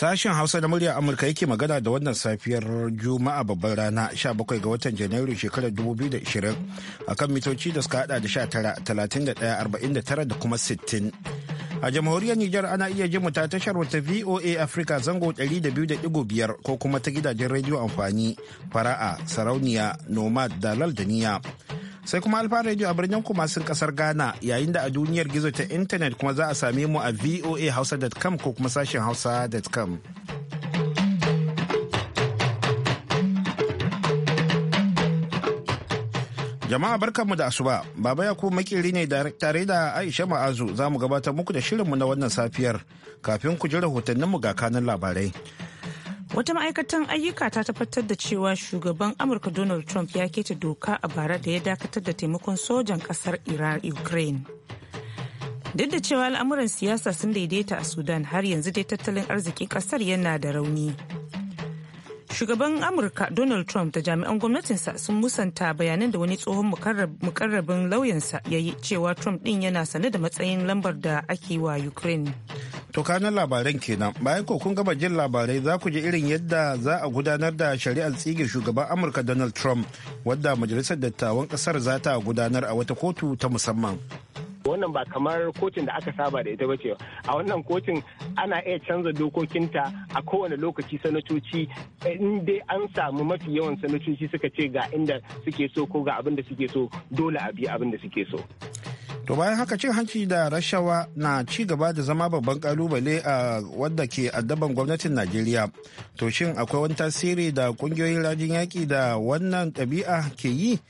Sashen Hausa na muryar Amurka yake magana da wannan safiyar Juma'a babban rana 17 ga watan Janairu shekarar 2020 akan mitoci da suka hada da 19, 31, arba'in da kuma 60. a jamhuriyar Nijar ana iya ji mu ta tashar wata VOA Africa zango 200.5 ko kuma ta gidajen rediyo amfani fara'a sarauniya nomad dalal da niya sai kuma alfa radio a birnin kumasin kasar ghana yayin da a duniyar gizo ta intanet kuma za a same mu a voahausa.com ko kuma sashen hausa.com jama'a barkanmu da asuba baba ya makeri makiri ne tare da aisha ma'azu za mu gabatar muku da shirinmu na wannan safiyar kafin ku ji rahotanninmu ga kanan labarai wata ma'aikatan ayyuka ta tabbatar da cewa shugaban amurka donald trump ya keta doka a bara da ya dakatar da taimakon sojan kasar iran ukraine duk da cewa al'amuran siyasa sun daidaita a sudan har yanzu dai tattalin arzikin kasar yana da rauni shugaban amurka donald trump da jami'an gwamnatinsa sun musanta bayanan da wani tsohon mukarrabin lauyansa ya yi cewa trump din yana sane da matsayin lambar da ake wa ukraine To kanan labaran kenan bayan ko kun gama jin labarai za ku ji irin yadda za a gudanar da shari'ar tsige shugaban Amurka Donald Trump wadda majalisar dattawan kasar za ta gudanar a wata kotu ta musamman. wannan ba kamar kotun da aka saba da ita ba ce a wannan kotun ana iya canza dokokinta a kowane lokaci sanatoci in dai an samu mafi yawan sanatoci suka ce ga inda suke so ko ga abin da suke so dole a bi abin da suke so To bayan haka cin hanci da rashawa na ci gaba da zama babban kalubale a wadda ke addaban gwamnatin Najeriya. To shin akwai wani tasiri da kungiyoyin rajin yaƙi da wannan ɗabi'a ke yi?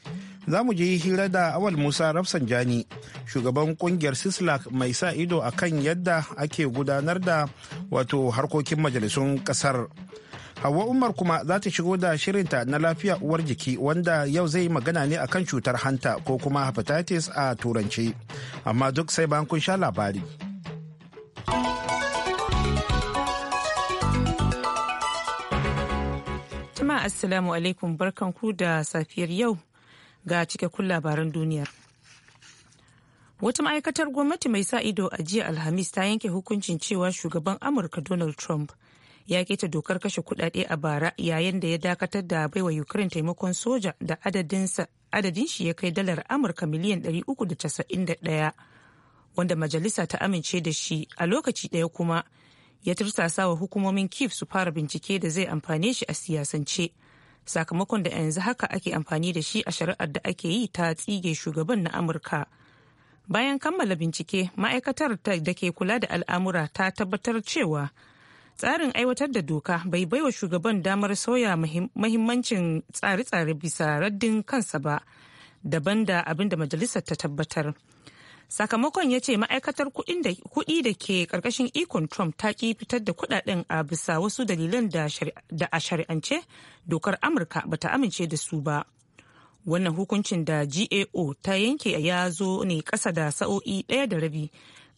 Za mu je hira da Awal Musa Rafsanjani, shugaban kungiyar Sislak mai sa ido a kan yadda ake gudanar da wato harkokin majalisun ƙasar. Hawa Umar kuma za ta shigo da shirinta na lafiya uwar jiki wanda yau zai magana ne akan cutar hanta ko kuma hepatitis a turanci. Amma duk sai ba kun sha labari. tama Assalamu alaikum barkanku da safiyar yau ga cikakkun labaran duniyar. Wata ma'aikatar gwamnati mai sa ido a jiya Alhamis ta yanke hukuncin cewa shugaban Amurka Donald Trump ya keta dokar kashe kudade a bara yayin da ya dakatar da baiwa ukraine taimakon soja da adadin shi ya kai dalar amurka miliyan 391 wanda majalisa ta amince da shi a lokaci daya kuma ya tursasa wa hukumomin kiev su fara bincike da zai amfane shi a siyasance sakamakon da yanzu haka ake amfani da shi a shari'ar da ake yi ta tsige shugaban na amurka bayan kammala bincike ma'aikatar da ke kula da al'amura ta tabbatar cewa tsarin aiwatar da doka bai baiwa shugaban damar sauya mahimmancin tsare-tsare bisa raddin kansa ba daban da abin da majalisar ta tabbatar sakamakon ya ce ma'aikatar kuɗi da ke ƙarƙashin ikon trump ta ƙi fitar da kuɗaɗen a bisa wasu dalilan da a shari'ance dokar amurka ba ta amince da su ba wannan hukuncin da gao ta yanke ya zo ne ƙasa da sa'o'i ɗaya da rabi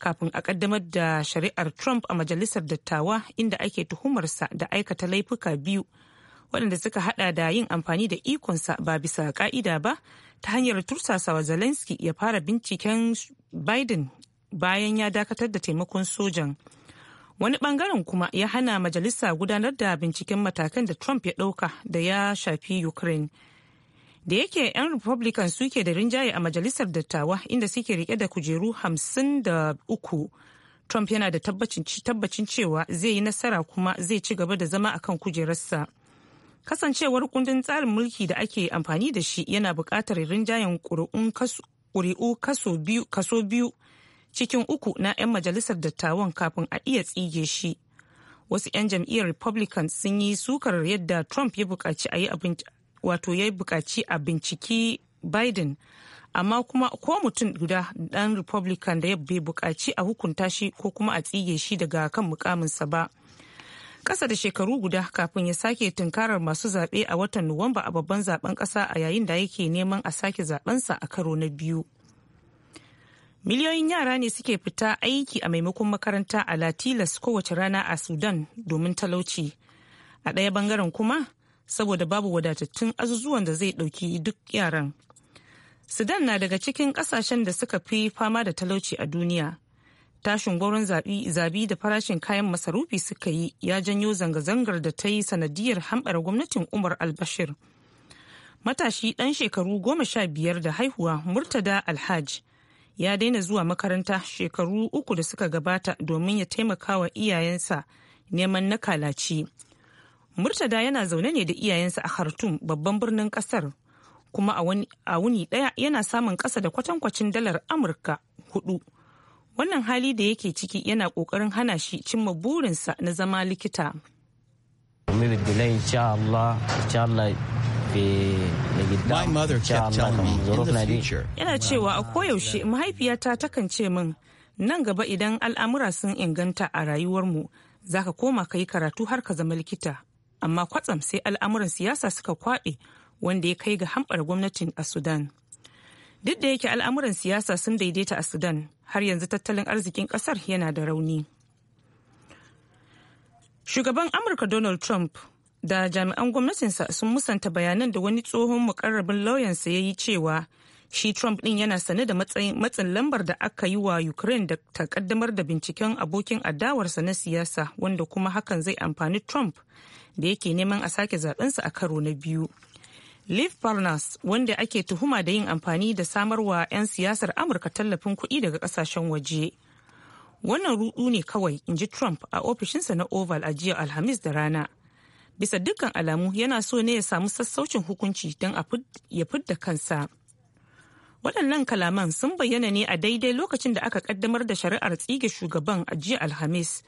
kafin a kaddamar da shari'ar Trump a majalisar dattawa inda ake tuhumarsa da aikata laifuka biyu waɗanda suka hada da yin amfani da ikonsa ba bisa ka'ida ba ta hanyar tursasawa Zelensky ya fara binciken Biden bayan ya dakatar da taimakon sojan. Wani bangaren kuma ya hana majalisa gudanar da binciken matakan da Trump ya ɗauka da ya shafi Ukraine. da yake 'yan republican suke da rinjaye a majalisar dattawa inda suke rike da kujeru 53 trump yana da tabbacin cewa zai yi nasara kuma zai ci gaba da zama akan kujerarsa kasancewar kundin tsarin mulki da ake amfani da shi yana bukatar rinjayen ƙuri'u kaso biyu cikin uku na 'yan majalisar dattawan kafin a iya tsige shi wasu 'yan jam'iyyar republican sun yi sukar yadda trump ya buƙaci a yi wato ya yi buƙaci a binciki biden amma kuma ko mutum guda dan republican da ya bai buƙaci a hukunta shi ko kuma a tsige shi daga kan mukaminsa ba ƙasa da shekaru guda kafin ya sake tunkarar masu zaɓe a watan nuwamba a babban zaben ƙasa a yayin da yake neman a sake zaɓensa a karo na biyu miliyoyin yara ne suke fita aiki a maimakon makaranta a latilas kowace rana a sudan domin talauci a ɗaya bangaren kuma saboda babu wadatattun azuzuwan da zai ɗauki duk yaran. Sudan na daga cikin ƙasashen da suka fi fama da talauci a duniya. Tashin gwauron zabi da farashin kayan masarufi suka yi ya janyo zanga-zangar da ta yi sanadiyar hambar gwamnatin Umar al-Bashir. Matashi ɗan shekaru goma sha biyar da haihuwa Murtada Alhaj ya daina zuwa makaranta shekaru uku da suka gabata domin ya taimaka wa iyayensa neman na kalaci. murtada yana zaune ne da iyayensa a khartoum babban birnin kasar kuma a wuni daya yana samun kasa da kwatankwacin dalar amurka hudu wannan hali da yake ciki yana kokarin hana shi cimma burinsa na zama likita yana cewa a koyaushe mahaifiyata takan ce min nan gaba idan al'amura sun inganta a rayuwarmu za ka koma ka yi karatu har ka zama likita amma kwatsam sai al'amuran siyasa suka kwaɓe wanda ya kai ga hamɓar gwamnatin a sudan duk da yake al'amuran siyasa sun daidaita a sudan har yanzu tattalin arzikin ƙasar yana da rauni shugaban amurka donald trump da jami'an gwamnatinsa sun musanta bayanan da wani tsohon mukarrabin lauyansa ya yi cewa shi trump din yana sane da matsin lambar da aka yi wa ukraine da ta kaddamar da binciken abokin adawarsa na siyasa wanda kuma hakan zai amfani trump da yake neman a sake zaɓensa a karo na biyu liv parnas wanda ake tuhuma da yin amfani da samarwa 'yan siyasar amurka tallafin kuɗi daga ƙasashen waje wannan rudu ne kawai in ji trump a ofishinsa na oval a jiya alhamis da rana bisa dukkan alamu yana so ne ya samu sassaucin hukunci don ya fidda kansa waɗannan kalaman sun bayyana ne a daidai lokacin da aka ƙaddamar da shari'ar tsige shugaban a jiya alhamis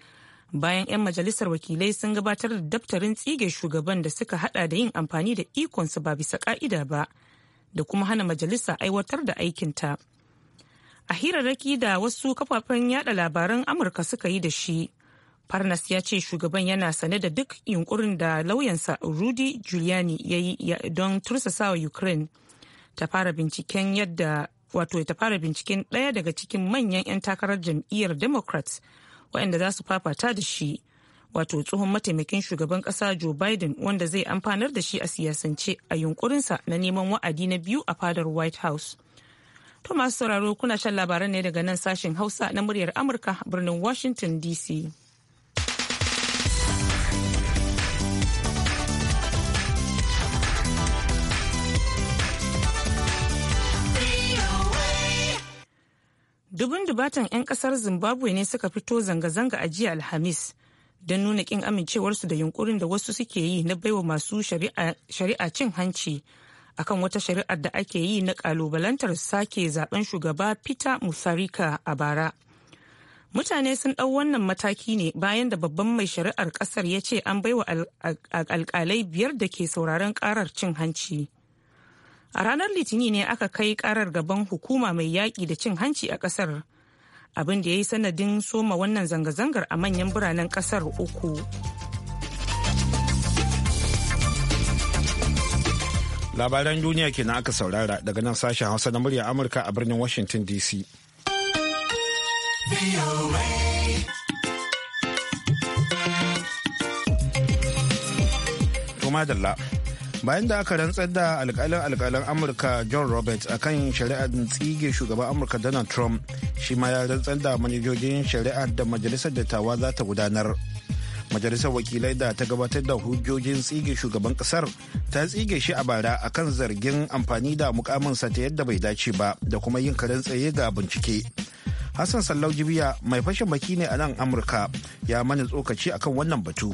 bayan 'yan majalisar wakilai sun gabatar da daftarin tsige shugaban da suka hada da yin amfani da ikonsu ba bisa ka'ida ba da kuma hana majalisa aiwatar da aikinta a hirarraki da wasu kafafen yada labaran amurka suka yi da shi farnas ya ce shugaban yana sane da duk yunkurin da lauyansa rudy giuliani ya yi don tursasawa ukraine ta fara binciken yadda wato ta fara binciken ɗaya daga cikin manyan 'yan takarar jam'iyyar democrats waɗanda za su fafata da shi wato tsohon mataimakin shugaban ƙasa joe biden wanda zai amfanar da shi a siyasance a yunkurinsa na neman wa'adi na biyu a fadar white house to masu sauraro kuna shan labaran ne daga nan sashen hausa na muryar amurka birnin washington dc dubun dubatan 'yan kasar zimbabwe ne suka fito zanga-zanga a jiya alhamis don nuna kin amincewarsu da yunkurin da wasu suke yi na baiwa masu shari'a cin hanci akan wata shari'ar da ake yi na kalubalantar sake zaben shugaba peter musarika a bara mutane sun ɗau wannan mataki ne bayan da babban mai shari'ar ƙasar ya ce an baiwa alkalai biyar da ke sauraron ƙarar cin hanci a ranar litinin ne aka kai karar gaban hukuma mai yaƙi da cin hanci a ƙasar abin da ya yi sanadin soma wannan zanga-zangar a manyan biranen ƙasar uku labaran duniya kenan aka saurara daga nan sashen hausa na murya amurka a birnin washington dc madalla bayan da aka rantsar da alkalin alkalin amurka john roberts akan shari'ar tsige shugaban amurka donald trump shi ma ya rantsar da manajojin shari'ar da majalisar dattawa za ta gudanar majalisar wakilai da ta gabatar da hujjojin tsige shugaban kasar ta tsige shi a bara akan zargin amfani da mukaminsa ta yadda bai dace ba da kuma yin karen tsaye ga bincike hassan sallau jibiya mai fashin baki ne a nan amurka ya mana tsokaci akan wannan batu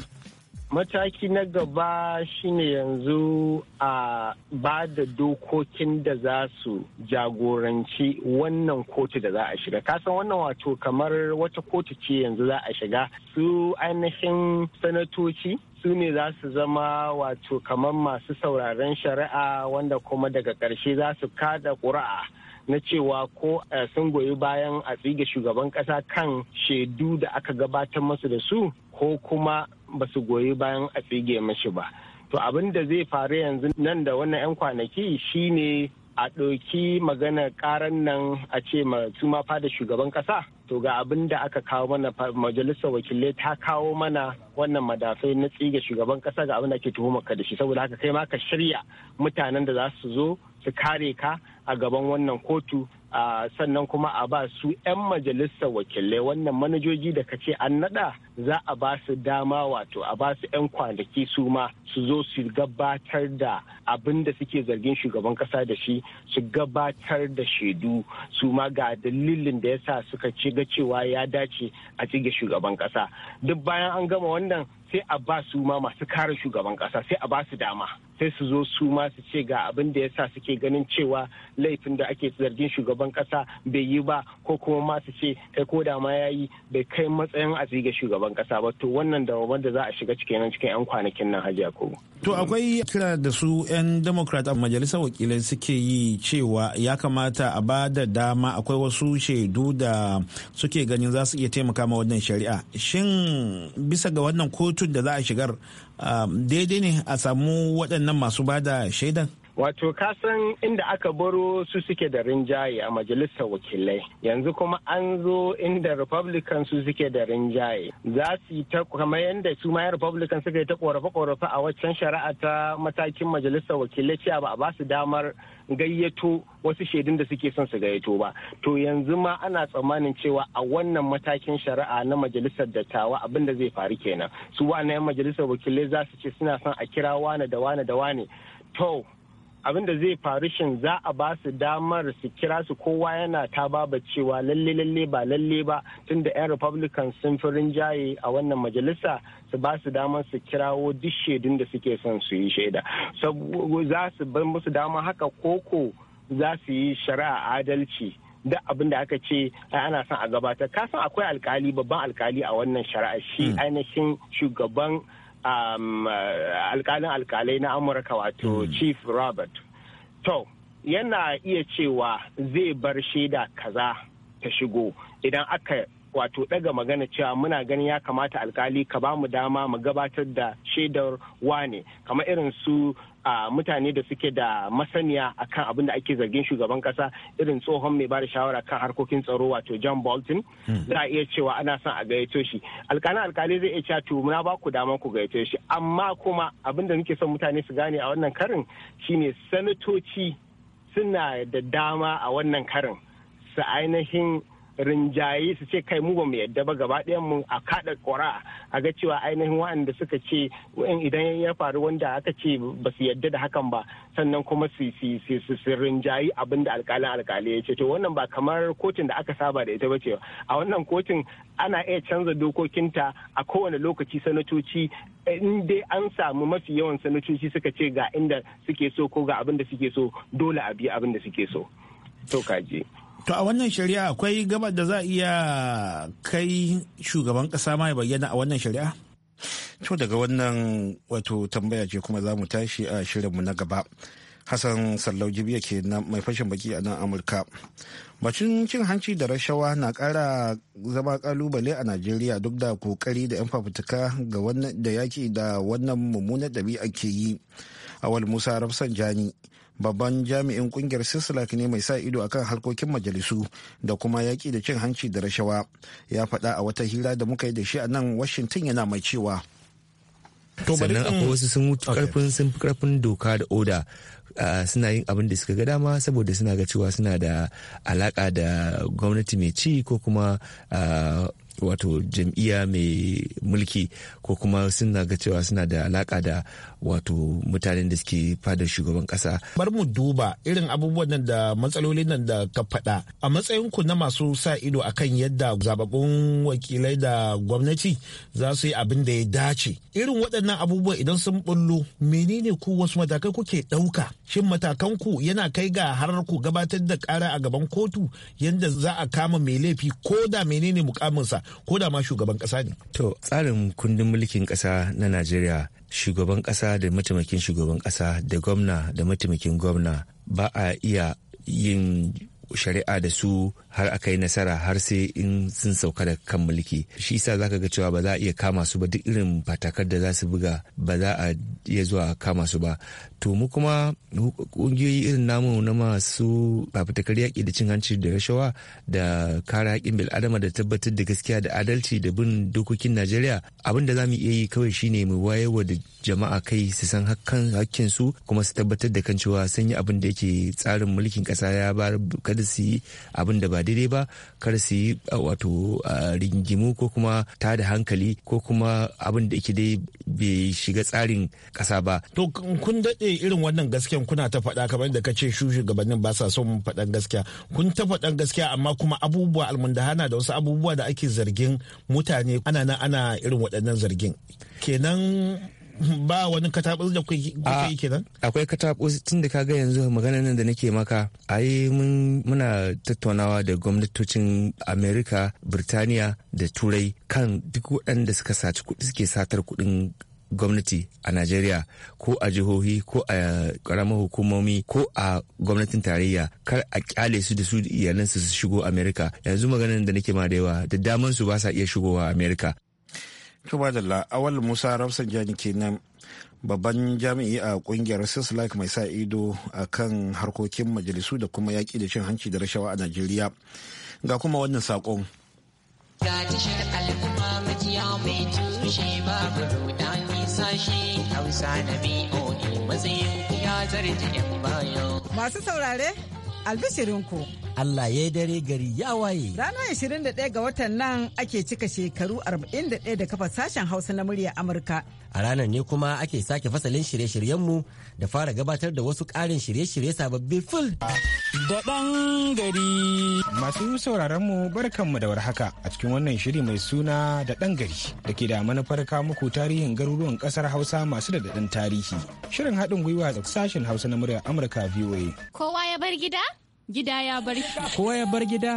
mataki na gaba shine yanzu a ba da dokokin da za su jagoranci wannan kotu da za a shiga kasan wannan wato kamar wata kotu ce yanzu za a shiga su ainihin sanatoci su ne za su zama wato kamar masu sauraren shari'a wanda kuma daga ƙarshe za su kada ƙuri'a na cewa ko eh, sun goyi bayan a tsige shugaban kasa kan shaidu da aka gabatar masu da su ko kuma ba su goyi bayan a tsige mashi ba to abin da zai faru yanzu nan da wannan 'yan kwanaki shine a ɗauki magana karan nan a ce ma su ma fada shugaban ƙasa to ga abin da aka kawo mana majalisar wakilai ta kawo mana wannan madafai na tsiga shugaban ƙasa ga abin da ke tuhumarka ka da shi saboda haka kai ma ka shirya mutanen da za su zo su kare ka a gaban wannan kotu sannan kuma a ba su 'yan majalisar wakilai wannan manajoji da ka ce an nada za a ba su dama wato a ba su 'yan kwanaki su ma su zo su gabatar da abin da suke zargin shugaban kasa da shi su gabatar da shaidu su ma ga dalilin da ya sa suka ci ga cewa ya dace a cige shugaban kasa duk bayan an gama wannan sai a ba su ma masu kare shugaban kasa sai a ba su dama sai su zo su ma su ce ga abin da ya sa suke ganin cewa laifin da ake zargin shugaban kasa bai yi ba ko kuma ma su ce kai ko da ma ya yi bai kai matsayin a shugaban shugaban kasa ba to wannan da da za a shiga cikin cikin 'yan kwanakin nan hajiya ko. to akwai kira da su 'yan democrat a majalisar wakilai suke yi cewa ya kamata a ba da dama akwai wasu shaidu da suke ganin za su iya taimaka ma wannan shari'a shin bisa ga wannan kotun da za a shigar ah, daidai ne a samu waɗannan masu ba da shaidan Wato kasan inda aka baro su suke da rinjaye a majalisar wakilai yanzu kuma an zo inda Republican su suke da rinjaye za su yi ta kamar yadda su ma Republican suka yi ta korafe-korafe a waccan shari'a ta matakin majalisar wakilai cewa ba a ba su damar gayyato wasu shaidun da suke son su gayyato ba to yanzu ma ana tsammanin cewa a wannan matakin shari'a na majalisar dattawa abin da zai faru kenan su wane majalisar wakilai za su ce suna son a kira wane da wane da wane to abin da zai faru shin za a ba su damar su kira su kowa yana ta baba cewa lalle lalle ba lalle ba tunda 'yan republican sun fi rinjaye a wannan majalisa su ba su damar su kirawo duk shaidun da suke son su yi shaida za su bar musu dama haka koko za su yi shari'a adalci da abin da aka ce ana son a gabatar kasan akwai alkali babban alkali a wannan shari'a shi hmm. ainihin shugaban Um, uh, alkalin alkalai na amurka wato hmm. chief robert to yana iya cewa zai bar shaida kaza ta shigo idan aka wato daga magana cewa muna ganin ya kamata alkali ka bamu dama mu gabatar da shaidar wane kamar irin su a mutane da suke da masaniya akan abin da ake zargin shugaban kasa irin tsohon mai bada shawara kan harkokin tsaro wato john bolton hmm. za a iya cewa ana son a gayyato shi alkalin alkali zai iya cewa to na ba ku dama ku gayyato shi amma kuma abin da nake son mutane su gane a wannan karin shine sanatoci suna da dama a wannan karin su ainihin rinjaye su ce kai mu ba mu yadda ba gaba ɗayan mu a kaɗa ƙwara a ga cewa ainihin waɗanda suka ce idan ya faru wanda aka ce ba su yadda da hakan ba sannan kuma su rinjayi abin da alƙalin alƙali ya ce to wannan ba kamar kotun da aka saba da ita ba ce a wannan kotun ana iya canza dokokinta a kowane lokaci sanatoci in dai an samu mafi yawan sanatoci suka ce ga inda suke so ko ga abinda suke so dole a biya abinda suke so to kaji To a wannan shari'a akwai gabar da za a iya kai shugaban kasa ma ya bayyana a wannan shari'a? To daga wannan wato tambaya ce kuma za mu tashi a shirinmu na gaba. Hassan Sallau Jibiya ke mai fashin baki a nan Amurka. Bacin cin hanci da rashawa na kara zama kalubale a Najeriya duk da kokari da 'yan fafutuka ga wannan da yaki da wannan mummunan ɗabi'a ke yi. Awal Musa rafsan jani babban jami'in kungiyar sislak ne mai sa ido akan harkokin majalisu da kuma yaƙi da cin hanci da rashawa ya faɗa a wata hira da muka yi da shi a nan washington yana mai cewa sannan akwai wasu sun wuce karfin sun karfin doka da oda suna yin abin da suka ga dama saboda suna ga cewa suna da alaka da gwamnati mai ci ko kuma wato jam'iyya mai mulki ko kuma suna ga cewa suna da alaka da wato mutanen da suke fadar shugaban kasa. Bar mu duba irin abubuwan nan da matsalolin nan da ka faɗa a matsayin ku na masu sa ido akan yadda zababbun wakilai da gwamnati za su yi abin da ya dace. Irin waɗannan abubuwa idan sun bullo menene ku wasu matakai kuke ɗauka? Shin matakan ku yana kai ga har ku gabatar da ƙara a gaban kotu yadda za a kama mai laifi ko da menene mukaminsa ko da ma shugaban kasa ne to tsarin kundin mulkin kasa na najeriya shugaban kasa da mataimakin shugaban kasa da gwamna da mataimakin gwamna ba a iya yin shari'a da su har aka yi nasara har sai in sun sauka da kan mulki shi yasa zaka ga cewa ba za a iya kama su ba duk irin fatakar da za su buga ba za a iya zuwa kama su ba to mu kuma kungiyoyi irin namu na masu fafutukar yaƙi da cin hanci da rashawa da kare haƙƙin bil'adama da tabbatar da gaskiya da adalci da bin dokokin najeriya abin da za mu iya yi kawai shine mu wayewa da jama'a kai su san hakkin su kuma su tabbatar da kan cewa sun yi abin da yake tsarin mulkin ƙasa ya bar kada su yi abin da ba daidai ba kar su yi wato rigimu ko kuma ta da hankali ko kuma abin da yake dai bai shiga tsarin kasa ba. To kun daɗe irin wannan gaskiyan kuna ta faɗa kamar da ka ce shu shugabannin ba sa son faɗan gaskiya kun ta faɗan gaskiya amma kuma abubuwa almundahana da wasu abubuwa da ake zargin mutane ana nan ana irin waɗannan zargin kenan ba wani katabus da kuka yi kenan akwai katabus tun da kaga yanzu magana nan da nake maka ai mun muna tattaunawa da gwamnatocin Amerika Birtaniya da Turai kan duk waɗanda suka saci kuɗi suke satar kuɗin gwamnati a Najeriya ko a jihohi ko a karamar hukumomi ko a gwamnatin tarayya kar a kyale su da su iyalansu su shigo Amerika yanzu maganar da nake ma da yawa da damansu ba sa iya shigowa Amerika Tuba da awal Musa Jani kenan babban jami'i a kungiyar like mai sa ido a kan harkokin majalisu da kuma yaƙi da cin hanci da rashawa a najeriya ga kuma wannan saƙon mai tushe babu hausa e, ya Masu saurare Albishirin ku? Allah ya dare gari ya waye. Ranar 21 ga watan nan ake cika shekaru 41 da kafa sashen Hausa na murya Amurka. A ranar ne kuma ake sake fasalin shirye-shiryenmu da fara gabatar da wasu ƙarin shirye-shirye sababbi fil. Da ɗan gari. Masu sauraron mu barkanmu da warhaka a cikin wannan shiri mai suna da ɗan gari da ke da manufar muku tarihin garuruwan ƙasar Hausa masu da daɗin tarihi. Shirin haɗin gwiwa sashen Hausa na murya Amurka VOA. Kowa ya bar gida? gida ya bar kowa ya bar gida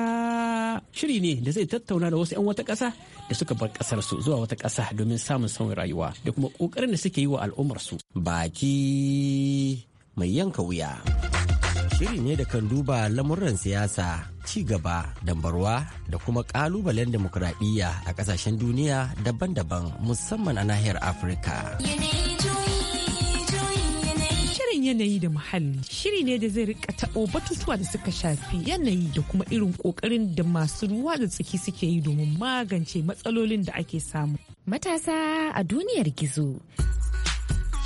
shiri ne da zai tattauna da wasu 'yan wata ƙasa da suka bar ƙasar su zuwa wata ƙasa domin samun sauyin rayuwa da kuma ƙoƙarin da suke yi wa al'ummar baki mai yanka wuya shiri ne da kan duba lamuran siyasa ci gaba dambarwa da kuma kalubalen demokuraɗiyya a ƙasashen duniya daban-daban musamman a nahiyar afirka yeah. yanayi da muhalli shiri ne da zai rika taɓo batutuwa da suka shafi yanayi da kuma irin ƙoƙarin da masu ruwa da tsaki suke yi domin magance matsalolin da ake samu. Matasa a duniyar gizo.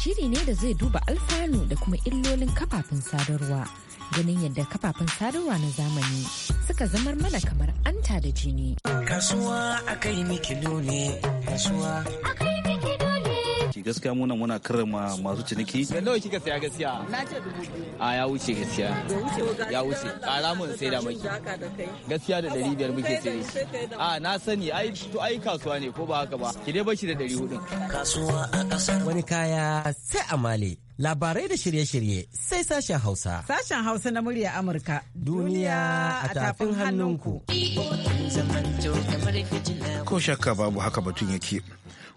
Shiri ne da zai duba alfanu da kuma illolin kafafen sadarwa. Ganin yadda kafafen sadarwa na zamani suka zamar mana kamar anta da jini. Kasuwa akai mikilo ne, kasuwa akai ciniki gaskiya muna muna karrama masu ciniki da nawa kika saya gaskiya na ce dubu a ya wuce gaskiya ya wuce kara mun sai da maki gaskiya da dari biyar muke sai a na sani ai to ai kasuwa ne ko ba haka ba ki dai bashi da dari hudu kasuwa a kasar wani kaya sai amale male labarai da shirye-shirye sai sashen Hausa. Sashen Hausa na murya Amurka. Duniya a tafin hannunku. Ko shakka babu haka batun yake.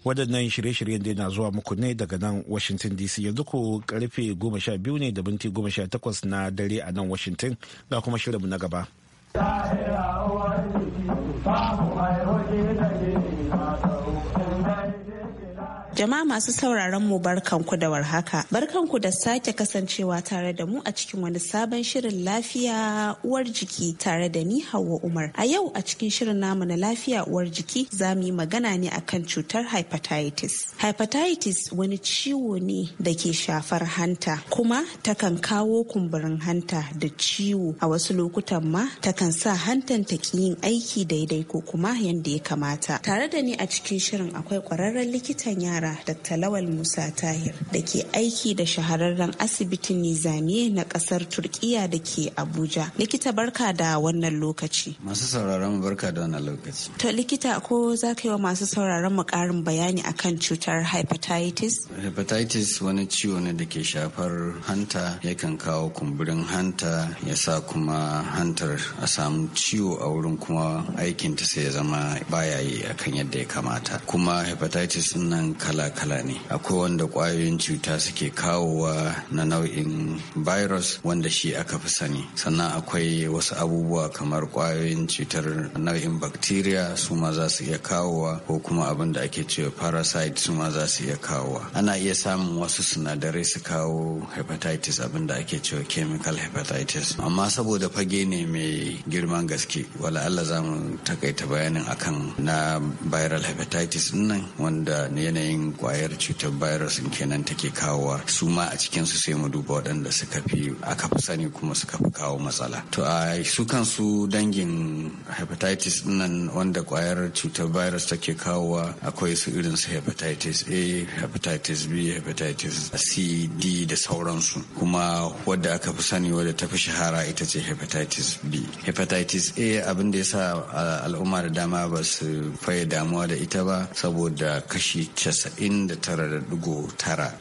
Waɗannan shirye-shiryen da na zuwa muku ne daga nan Washington DC yanzu ko karfe goma sha biyu ne da binti goma sha takwas na dare a nan Washington ga kuma shirinmu na gaba. Jama'a masu sauraron mu barkanku da warhaka. Barkanku da sake kasancewa tare da mu a cikin wani sabon shirin lafiya uwar jiki tare da ni Hauwa Umar. A yau a cikin shirin namu na lafiya uwar jiki za mu yi magana ne akan cutar hepatitis. Hepatitis wani ciwo ne da ke shafar hanta kuma takan kawo kumburin hanta da ciwo a wasu lokutan ma takan sa hantan ta ki yin aiki daidai ko kuma yanda ya kamata. Tare da ni a cikin shirin akwai kwararren likitan yara yara Dr. Lawal Musa Tahir da ke aiki da shahararren asibitin Nizamiye na kasar Turkiya da ke Abuja. Likita barka da wannan lokaci. Masu sauraron barka da wannan lokaci. To likita ko za ka yi wa masu sauraron mu karin bayani akan cutar hepatitis? Hepatitis wani ciwo ne da ke shafar hanta yakan kawo kumburin hanta ya sa kuma hantar a samu ciwo a wurin kuma aikinta sai ya zama baya yi akan yadda ya kamata. Kuma hepatitis nan ka. kala-kala ne akwai wanda kwayoyin cuta suke kawowa na nau'in virus wanda shi aka fi sani sannan akwai wasu abubuwa kamar kwayoyin cutar nau'in bacteria su ma za su iya kawowa ko kuma abin da ake cewa parasite su ma za su iya kawowa ana iya samun wasu sinadarai su kawo hepatitis abin da ake cewa chemical hepatitis amma saboda fage ne mai girman gaske wala Allah za mu takaita bayanin akan na viral hepatitis nan wanda yanayin kwayar cutar virus kenan take kawowa su ma a cikin su sai mu duba waɗanda suka fi aka fi sani kuma suka fi kawo matsala to a su kansu dangin hepatitis nan wanda kwayar cutar virus take kawowa akwai su irin su hepatitis a hepatitis b hepatitis c d da sauransu kuma wadda aka fi sani wadda ta fi shahara ita ce hepatitis b hepatitis a abin da ya sa al'umma da dama ba su faye damuwa da ita ba saboda kashi 99.9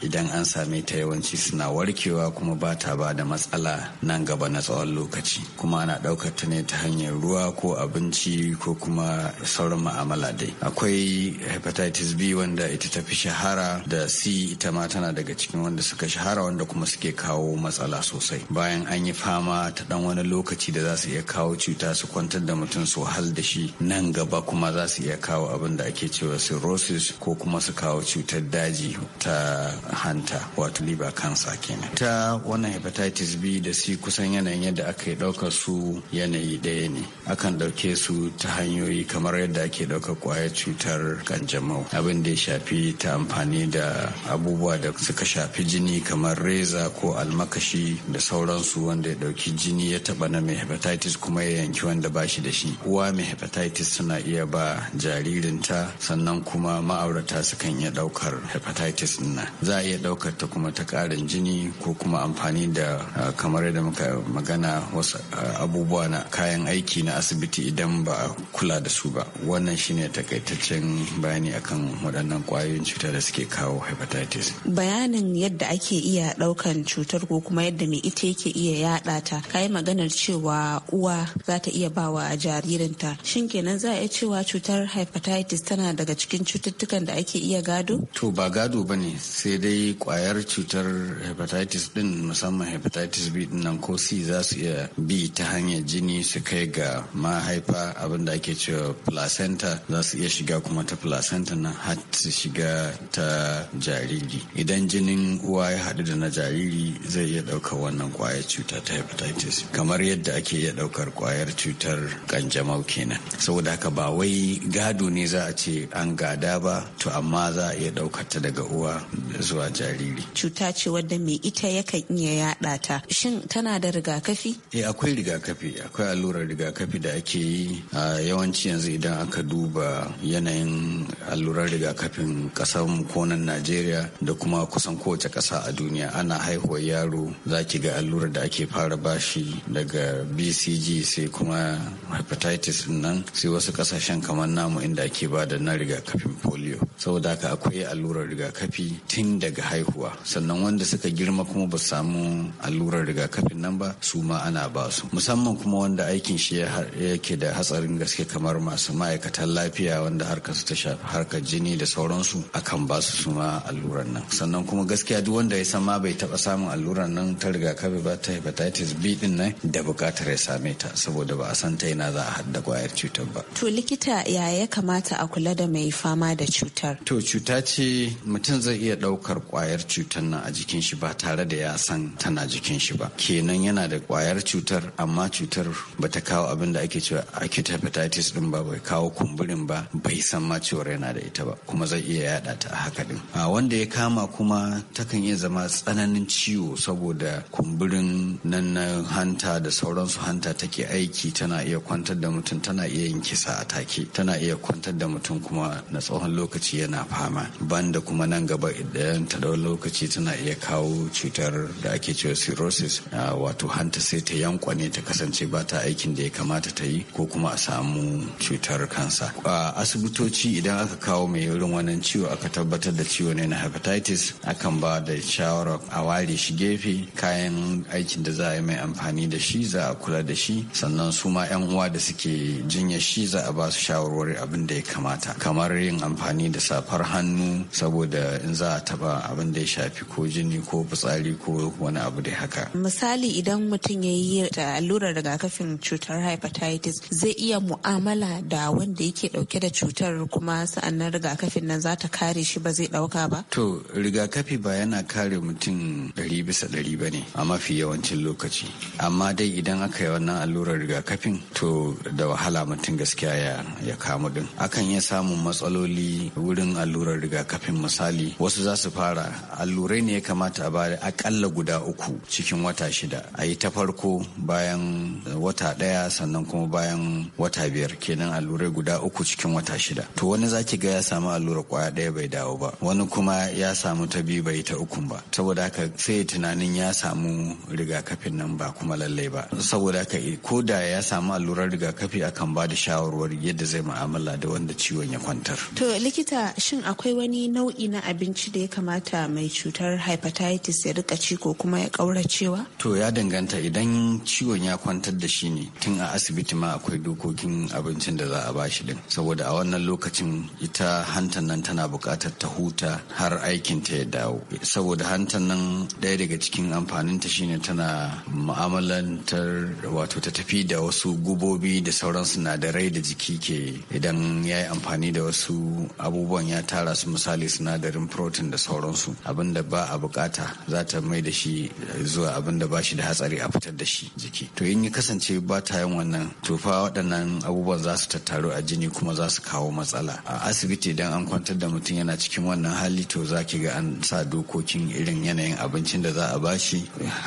idan an same ta yawanci suna warkewa kuma ba ta ba da matsala nan gaba na tsawon lokaci kuma ana ɗaukar ta ne ta hanyar ruwa ko abinci ko kuma sauran ma'amala dai akwai hepatitis b wanda ita ta fi shahara da c ita ma tana daga cikin wanda suka shahara wanda kuma suke kawo matsala sosai bayan an yi fama ta dan wani lokaci da za su iya kawo cuta su kwantar da mutum su hal da shi nan gaba kuma za su iya kawo abin da ake cewa cirrhosis ko kuma su kawo cutar daji ta hanta wato liver cancer kenan ta wannan hepatitis b da c kusan yanayin yadda aka yi ɗaukar su yanayi ɗaya ne akan ɗauke su ta hanyoyi kamar yadda ake ɗaukar kwaya cutar kanjamau abin da ya shafi ta amfani da abubuwa da suka shafi jini kamar reza ko almakashi da sauransu wanda ya ɗauki jini ya taɓa na mai hepatitis kuma ya yanki wanda ba shi da shi uwa mai hepatitis suna iya ba jaririnta sannan kuma ma'aurata sukan iya daukar hepatitis na za a iya daukar ta kuma ta karin jini ko kuma amfani da ah, kamar yadda muka magana wasu ah, abubuwa na kayan aiki na asibiti idan ba a kula da su ba wannan shine takaitaccen bayani akan waɗannan kwayoyin cuta da suke kawo hepatitis bayanin yadda ake iya ɗaukan cutar ko kuma yadda mai ita yake iya yaɗa ta kayi maganar cewa uwa za ta iya bawa jaririnta shin kenan za a iya cewa cutar hepatitis tana daga cikin cututtukan da ake iya gano. gado? To ba gado ba ne sai dai kwayar cutar hepatitis din musamman hepatitis B din nan ko C za su iya bi ta hanyar jini su kai ga mahaifa abinda ake cewa placenta za su iya shiga kuma ta placenta na har su shiga ta jariri. Idan jinin uwa ya haɗu da na jariri zai iya ɗaukar wannan kwayar cuta ta hepatitis kamar yadda ake iya ɗaukar kwayar cutar kanjamau kenan. Saboda haka ba wai gado ne za a ce an gada ba to amma za a iya ɗaukar ta daga uwa zuwa jariri. Cuta ce wadda mai ita yakan iya yaɗa ta. Shin tana da rigakafi? Eh akwai rigakafi, akwai allurar rigakafi da ake yi a yawanci yanzu idan aka duba yanayin allurar rigakafin ƙasar mu ko nan Najeriya da kuma kusan kowace ƙasa a duniya ana haihuwar yaro za ki ga allurar da ake fara bashi daga BCG sai kuma hepatitis nan sai wasu ƙasashen kamar namu inda ake ba da na rigakafin polio. Saboda haka akwai allurar rigakafi tun daga haihuwa sannan wanda suka girma kuma ba samu allurar rigakafin nan ba su ma ana ba su musamman kuma wanda aikin shi yake da hatsarin gaske kamar masu ma'aikatan lafiya wanda harkar su ta shafi harkar jini da sauransu akan ba su su ma allurar nan sannan kuma gaskiya duk wanda ya san ma bai taba samun allurar nan ta rigakafi ba ta hepatitis B din nan da bukatar ya same ta saboda ba a san ta yana za a hadda kwayar cutar ba to likita ya ya kamata a kula da mai fama da cutar cuta ce mutum zai iya ɗaukar ƙwayar cutar nan a jikin shi ba tare da ya san tana jikin shi ba kenan yana da ƙwayar cutar amma cutar bata kawo abin da ake cewa acute hepatitis din ba bai kawo kumburin ba bai san ma cewar yana da ita ba kuma zai iya yada ta a haka din a wanda ya kama kuma takan iya zama tsananin ciwo saboda kumburin nan na hanta da sauransu hanta take aiki tana iya kwantar da mutum tana iya yin kisa a take tana iya kwantar da mutum kuma na tsawon lokaci yana fama dama banda kuma nan gaba idan ta dau lokaci tana iya kawo cutar da ake cewa cirrhosis wato hanta sai ta yankwa ne ta kasance ba ta aikin da ya kamata ta yi ko kuma a samu cutar kansa a asibitoci idan aka kawo mai irin wannan ciwo aka tabbatar da ciwo ne na hepatitis akan ba da shawara a ware shi gefe kayan aikin da za a yi mai amfani da shi za a kula da shi sannan su ma 'yan uwa da suke jinya shi za a ba su shawarwari abin da ya kamata kamar yin amfani da safar hannu hannu saboda in za a taba abin da ya shafi ko jini ko fitsari ko wani abu da haka misali idan mutum ya yi da allurar rigakafin cutar hepatitis zai iya mu'amala da wanda yake dauke da cutar kuma sa'annan rigakafin nan za ta kare shi ba zai dauka ba to rigakafi ba yana kare mutum ɗari bisa ɗari ba ne a mafi yawancin lokaci amma dai idan aka yi wannan allurar rigakafin to da wahala mutum gaskiya ya kamu din akan iya samun matsaloli wurin allurar allurar rigakafin misali wasu za su fara allurai ne ya kamata a bada akalla guda uku cikin wata shida a yi ta farko bayan wata ɗaya sannan kuma bayan wata biyar kenan allurai guda uku cikin wata shida to wani za ki ga ya samu allurar kwaya ɗaya bai dawo ba wani kuma ya samu ta biyu bai ta uku ba saboda haka sai tunanin ya samu rigakafin nan ba kuma lallai ba saboda haka eh, ko da ya samu allurar rigakafi akan ba da shawarwari yadda zai mu'amala da wanda ciwon ya kwantar to likita shin akwai wani nau'i na abinci da ya kamata mai cutar hepatitis ya rika ci ko kuma ya kauracewa? To ya danganta idan ciwon ya kwantar da shi ne tun a asibiti ma akwai dokokin abincin da za a ba shi din. Saboda a wannan lokacin ita hantan nan tana buƙatar ta huta har aikin ta ya dawo. Saboda hantan nan ɗaya daga cikin amfaninta shine tana mu'amalantar wato ta tafi da wasu gubobi da sauran sinadarai da jiki ke idan ya yi amfani da wasu abubuwan ya tara kara su misali sinadarin protein da sauransu abin da ba a bukata za ta mai da shi zuwa abin da ba shi da hatsari a fitar da shi jiki to in ya kasance ba ta yin wannan tofa waɗannan abubuwan za su tattaru a jini kuma za su kawo matsala a asibiti idan an kwantar da mutum yana cikin wannan hali to za ki ga an sa dokokin irin yanayin abincin da za a bashi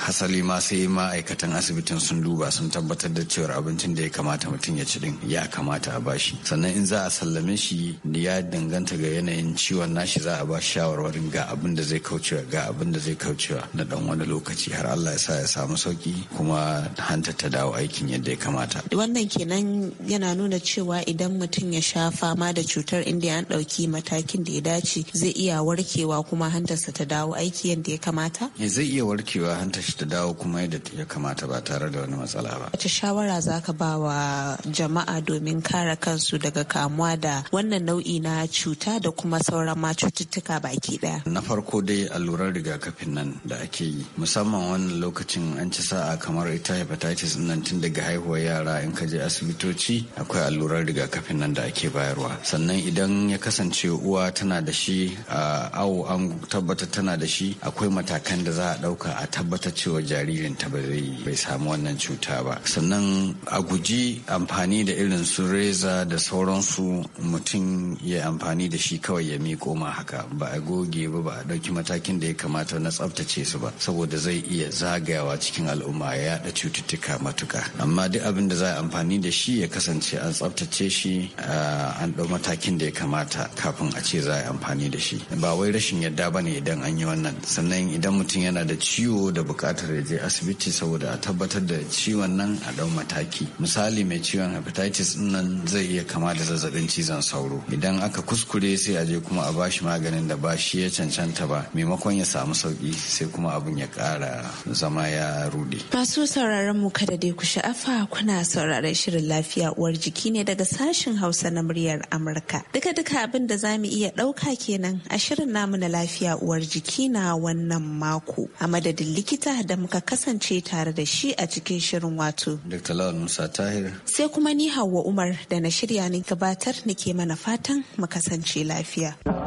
hasali ma sai ma'aikatan asibitin sun duba sun tabbatar da cewar abincin da ya kamata mutum ya ci din ya kamata a bashi sannan in za a sallame shi ya danganta ga yanayin ciwon nashi za a ba shawarwarin ga abin da zai kaucewa ga abin da zai kaucewa na dan wani lokaci har Allah ya sa ya samu sauki kuma hanta ta dawo aikin yadda ya kamata. Wannan kenan yana nuna cewa idan mutum ya sha fama da cutar inda an ɗauki matakin da ya dace zai iya warkewa kuma hantarsa ta dawo aiki yadda ya kamata? Eh, zai iya warkewa hantar shi ta dawo kuma yadda ya kamata ba tare da wani matsala ba. Wace shawara za ka ba wa jama'a domin kare kansu daga kamuwa da wannan nau'i na cuta da kuma kuma sauran ma cututtuka baki daya. Na farko dai allurar rigakafin nan da ake yi musamman wannan lokacin an ci sa'a kamar ita hepatitis nan tun daga haihuwar yara in ka je asibitoci akwai allurar rigakafin nan da ake bayarwa sannan idan ya kasance uwa tana da shi a awo an tabbatar tana da shi akwai matakan da za a ɗauka a tabbatar cewa jaririn ta zai bai samu wannan cuta ba sannan a guji amfani da irin su reza da sauransu mutum ya amfani da shi kawai kawai ya miƙo ma haka ba a goge ba ba a ɗauki matakin da ya kamata na tsaftace su ba saboda zai iya zagayawa cikin al'umma ya yaɗa cututtuka matuka amma duk abin da za a amfani da shi ya kasance an tsaftace shi ah, an ɗau matakin da ya kamata kafin a ce za a amfani da shi ba wai rashin yadda ba ne idan an yi wannan sannan idan mutum yana da ciwo da buƙatar ya je asibiti saboda a tabbatar da ciwon nan a ɗau mataki misali mai ciwon hepatitis nan zai iya kama da zazzabin cizon sauro idan aka kuskure sai a je je kuma a bashi maganin da ba shi ya cancanta ba maimakon ya samu sauki sai kuma abin ya kara zama ya rude. Masu sauraron mu kada dai ku sha'afa kuna sauraron shirin lafiya uwar jiki ne daga sashen Hausa na muryar Amurka. Duka duka abin da za mu iya ɗauka kenan a shirin namu na lafiya uwar jiki na wannan mako. A madadin likita da muka kasance tare da shi a cikin shirin wato. Dr. Lawal Musa Tahir. Sai kuma ni Hauwa Umar da na shirya ni gabatar nake mana fatan mu kasance lafiya.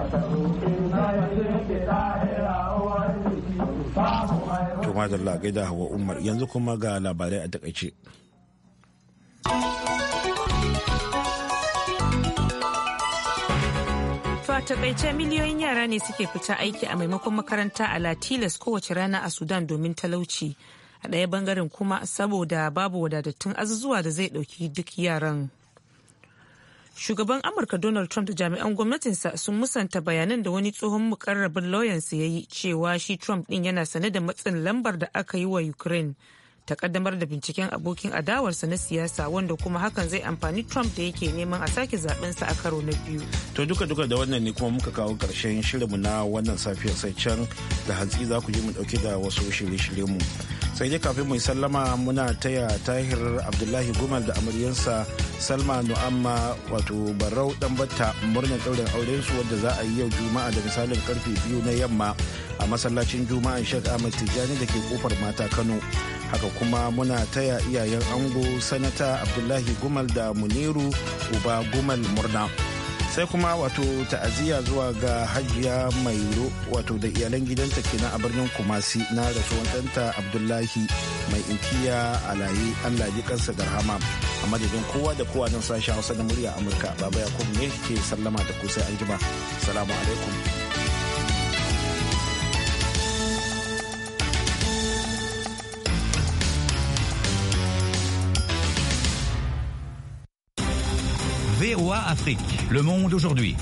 To madalla gaida hawa Umar yanzu kuma ga labarai a takaice. a takaice miliyoyin yara ne suke fita aiki a maimakon makaranta a latilas kowace rana a sudan domin talauci a ɗaya bangaren kuma saboda babu wadatattun azuzuwa da zai ɗauki duk yaran shugaban amurka donald trump da jami'an gwamnatinsa sun musanta bayanan da wani tsohon mukarrabin lauyansa ya yi cewa shi trump din yana sane da matsin lambar da aka yi wa ukraine ta kaddamar da binciken abokin adawarsa na siyasa wanda kuma hakan zai amfani trump da yake neman a sake sa a karo na biyu to duka duka da wannan ne kuma muka kawo karshen shirinmu na wannan safiyar sai can da hantsi za ku ji mu dauke da wasu shirye-shiryenmu mu sai dai kafin mai sallama muna taya tahir abdullahi gumal da amaryansa salma nu'amma wato barau dan batta murnar ɗaurin auren su wadda za a yi yau juma'a da misalin karfe biyu na yamma a masallacin juma'a shek ahmad tijjani da ke kofar mata kano haka kuma muna taya iyayen ango sanata abdullahi gumal da muniru uba gumal murna sai kuma wato ta'aziyya zuwa ga hajiya mairo wato da iyalan gidanta kenan a birnin kumasi na rasuwan ɗanta abdullahi mai inkiya alaye an laji kansa da rahama a madadin kowa da kowa don sashen hausa da murya amurka baba yakubu ne ke sallama da kusai anjima salamu alaikum roi Afrique. Le monde aujourd'hui.